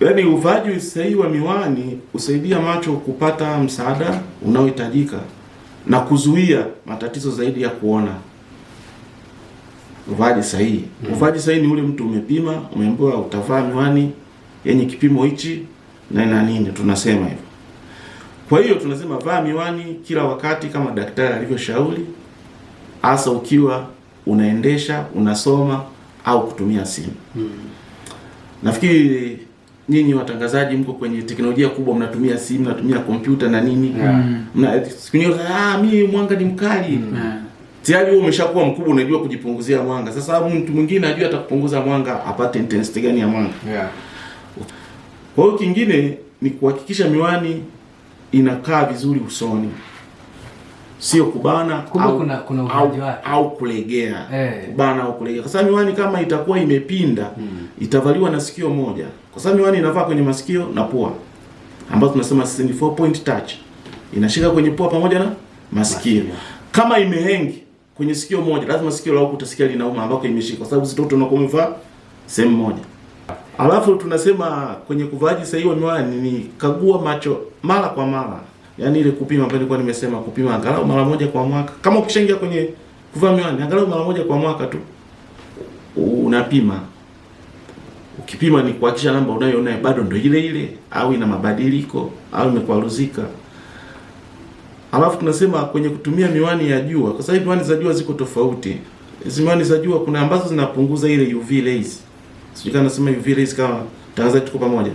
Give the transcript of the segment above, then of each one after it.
Yaani uvaaji sahihi wa miwani husaidia macho kupata msaada unaohitajika na kuzuia matatizo zaidi ya kuona. Uvaji sahihi mm. Uvaji sahihi ni ule mtu umepima, umeambiwa utavaa miwani yenye kipimo hichi na na nini, tunasema hivyo. Kwa hiyo tunasema vaa miwani kila wakati kama daktari alivyoshauri, hasa ukiwa unaendesha, unasoma au kutumia simu mm. Nafikiri nyinyi watangazaji mko kwenye teknolojia kubwa, mnatumia simu, mnatumia kompyuta na nini yeah. Mm. siku nyingi ah, mimi mwanga ni mkali mm. yeah. Tayari wewe umeshakuwa mkubwa, unajua kujipunguzia mwanga. Sasa mtu mwingine ajua atakupunguza mwanga, apate intensity gani ya mwanga yeah. Kwa hiyo kingine ni kuhakikisha miwani inakaa vizuri usoni sio kubana au, kuna, kuna au, au kulegea hey. Eh. Kubana au kulegea, kwa sababu miwani kama itakuwa imepinda hmm. itavaliwa na sikio moja, kwa sababu miwani inavaa kwenye masikio na pua, ambazo tunasema sisi ni 4 point touch, inashika kwenye pua pamoja na masikio. Masina. Kama imehengi kwenye sikio moja, lazima sikio lako utasikia linauma ambako imeshika, kwa sababu sitoto unakuwa umevaa sehemu moja. Alafu tunasema kwenye kuvaaji sahihi wa miwani ni kagua macho mara kwa mara Yaani ile kupima ambayo nilikuwa nimesema kupima angalau mara moja kwa mwaka. Kama ukishaingia kwenye kuvaa miwani angalau mara moja kwa mwaka tu unapima. Ukipima ni kuhakikisha namba unayoona bado ndio ile ile au ina mabadiliko au imekwaruzika. Alafu tunasema kwenye kutumia miwani ya jua, kwa sababu miwani za jua ziko tofauti. Hizi miwani za jua kuna ambazo zinapunguza ile UV rays. Sijui kama nasema UV rays kama tangazaji tuko pamoja.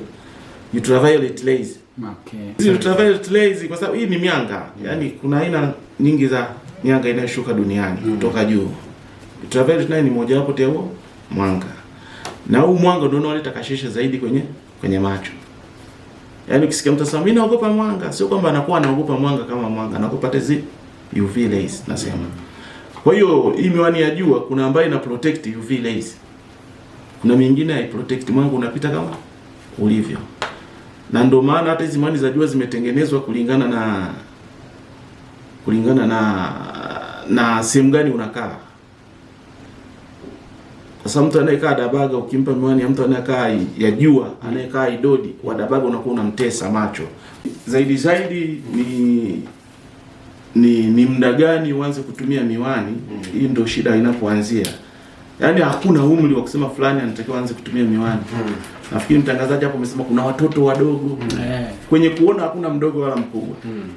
Ultraviolet rays Okay. Tutavaa hizi kwa sababu hii ni mianga, yaani kuna aina nyingi za mianga inayoshuka duniani mm. kutoka juu. Ultraviolet nayo ni moja wapo huo mwanga, na huu mwanga ndio unaoleta kashisha zaidi kwenye kwenye macho. Yaani ukisikia mtu asema mimi naogopa mwanga, sio kwamba anakuwa anaogopa mwanga kama mwanga, anaogopa hizi UV rays nasema. Kwa hiyo hii miwani ya jua kuna ambayo ina protect UV rays. Kuna mingine hai protect, mwanga unapita kama ulivyo na ndio maana hata hizi mali za jua zimetengenezwa kulingana na kulingana na na sehemu gani unakaa, Sasa mtu anayekaa Dabaga ukimpa miwani ya mtu anayekaa ya jua anayekaa Idodi wa Dabaga unakuwa unamtesa macho zaidi zaidi. Ni ni, ni muda gani uanze kutumia miwani? Hii ndio shida inapoanzia, yaani hakuna umri wa kusema fulani anatakiwa aanze kutumia miwani. Nafikiri mtangazaji hapo amesema kuna watoto wadogo mm. Kwenye kuona hakuna mdogo wala mkubwa mm.